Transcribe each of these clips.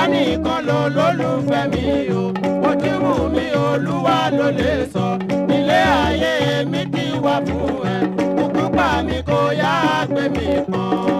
olúwa nìkan ló lólùfẹ́ mi o ojú wù mí olúwa ló lè sọ ilé ayé mi ti wà fún ẹ kúkú mi kò yá pé mi kàn.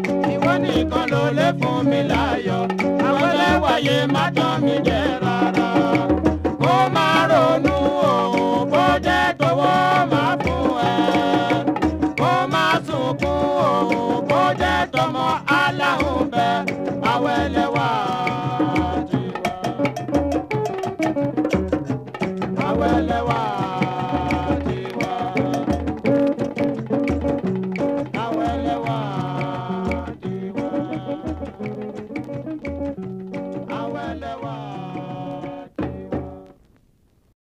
nìkan ló lè fún mi láyọ̀ àwọn ẹlẹ́wàyè má tán mi jẹ rárá. kó má ronú òun bó jẹ́ tówó má fún ẹ. kó má sunkún òun bó jẹ́ tọmọ aláhùn bẹ́ àwọn ẹlẹ́wà. Well, wow.